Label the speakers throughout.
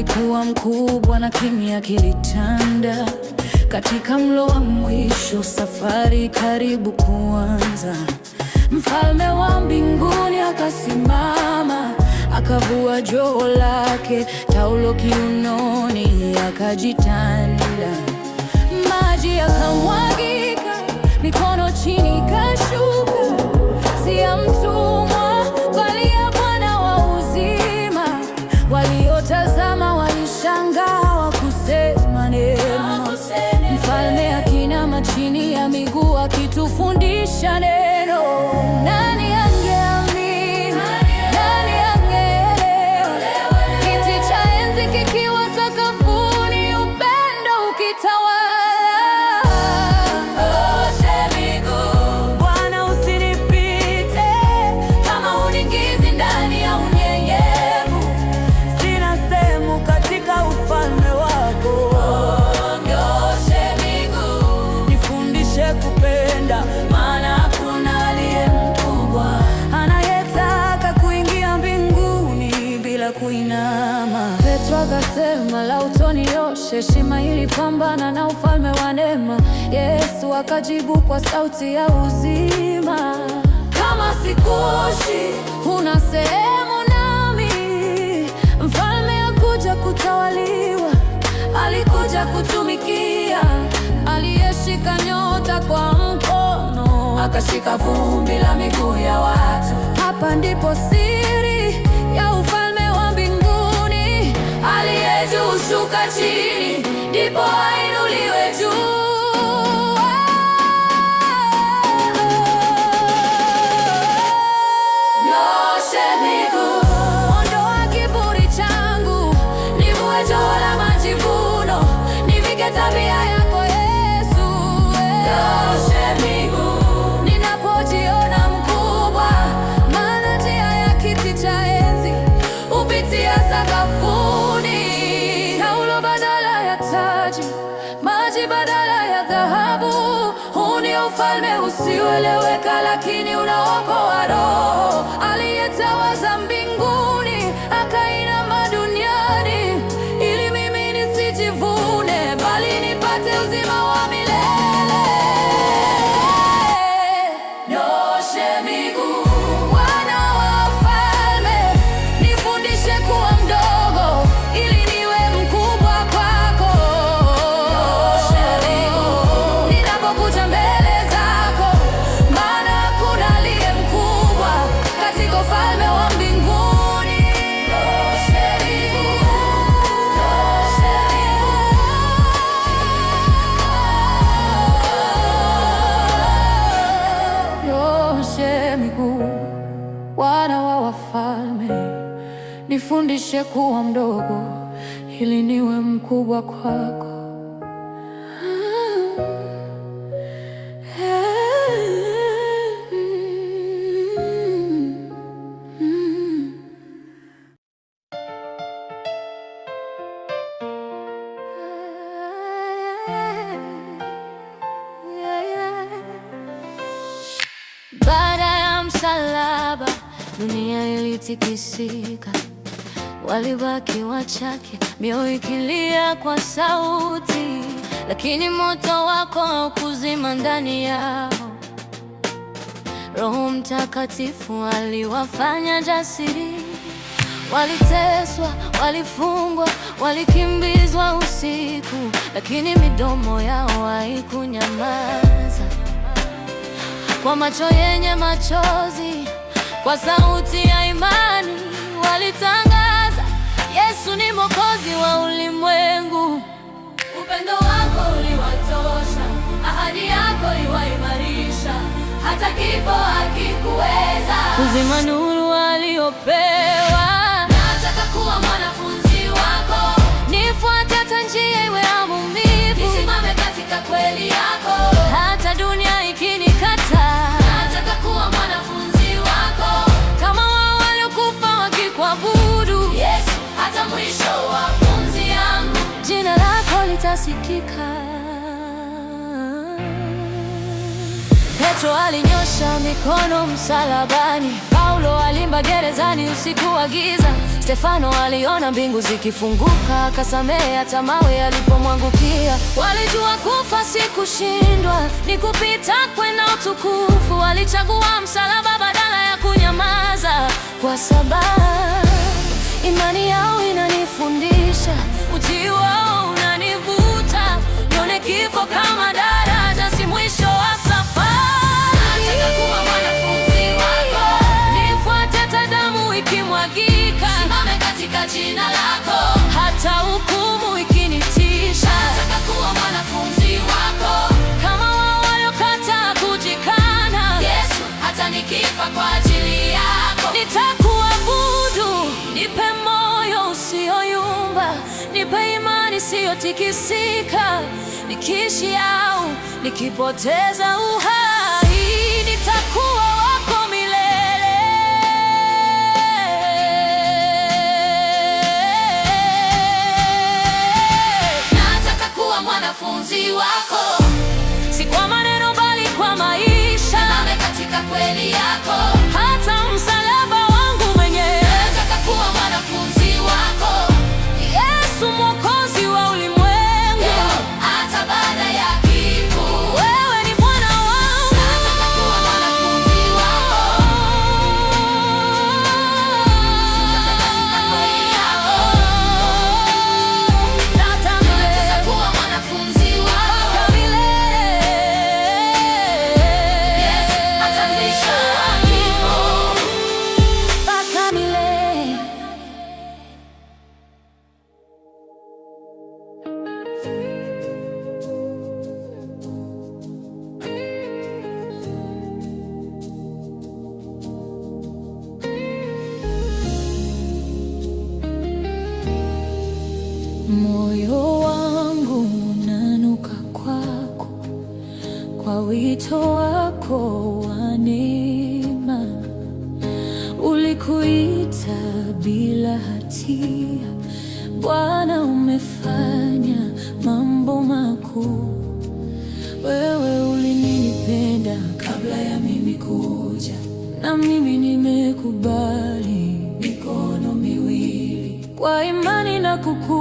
Speaker 1: ulikuwa mkubwa na kimya kilitanda katika mlo wa mwisho, safari karibu kuanza. Mfalme wa mbinguni akasimama, akavua joho lake, taulo kiunoni, akajitanda. Maji yakamwagika, mikono chini kashuka muda, maana hakuna aliye mkubwa anayetaka kuingia mbinguni bila kuinama. Petro akasema, lau shima heshima pambana na ufalme wa neema. Yesu akajibu kwa sauti ya uzima, kama sikuoshi, huna sehemu nami. Mfalme akuja kutawaliwa, alikuja kutumikia, aliyeshika akashika vumbi la miguu ya watu. Hapa ndipo siri ya ufalme wa mbinguni, aliye juu shuka chini, ndipo ainuliwe juu usioeleweka, lakini unaokoa roho aliyetawaza mbinguni. Nifundishe kuwa mdogo ili niwe mkubwa kwako. Baada ya msalaba dunia ilitikisika walibaki wachake mioyo ikilia kwa sauti, lakini moto wako haukuzima ndani yao. Roho Mtakatifu aliwafanya jasiri. Waliteswa, walifungwa, walikimbizwa usiku, lakini midomo yao haikunyamaza. Kwa macho yenye machozi, kwa sauti ya imani walitanga Yesu ni Mwokozi wa ulimwengu. Upendo wako uliwatosha, ahadi yako iwaimarisha, hata kifo hakikuweza kuzima nuru aliyope hata mwisho wa pumzi yangu, jina lako litasikika. Petro alinyosha mikono msalabani, Paulo alimba gerezani usiku wa giza, Stefano aliona mbingu zikifunguka, akasamehe hata mawe yalipomwangukia. Walijua kufa si kushindwa, ni kupita kwenda utukufu. Walichagua msalaba badala ya kunyamaza kwa sababu Imani yao inanifundisha, uti wao unanivuta, nione kifo kama daraja, si mwisho wa safari. Nataka kuwa wako, hata damu ikimwagika, simame katika jina lako, hata hukumu ikinitisha. Nataka kuwa wako, kama wao waliokataa kujikana, Yesu, hata nikifa kwa nipe moyo usioyumba, nipe imani isiyotikisika, nikiishi au nikipoteza uhai, nitakuwa wako milele. Nataka kuwa mwanafunzi wako, si kwa maneno bali kwa maisha, nami katika kweli yako hata wito wako wa neema, ulikuita bila hatia. Bwana, umefanya mambo makuu. Wewe ulinipenda kabla ya mimi kuja, na mimi nimekubali mikono miwili kwa imani na kuku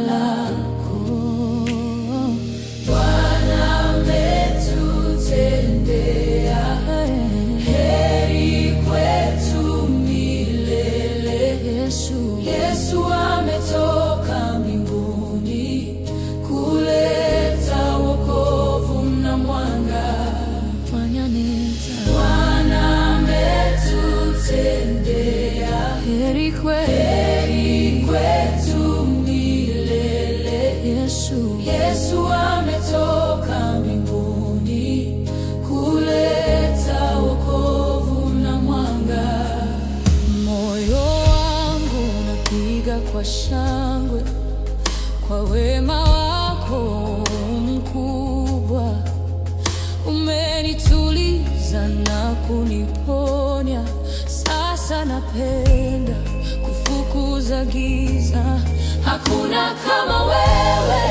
Speaker 1: Love. shangwe kwa wema wako mkubwa. Umenituliza na kuniponya, sasa napenda kufukuza giza. Hakuna kama wewe,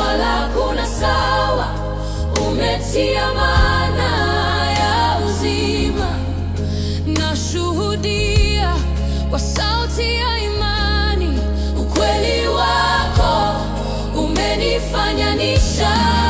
Speaker 1: wala hakuna sawa, umetia maana ya uzima, nashuhudia kwa sauti ya kunifanya nisha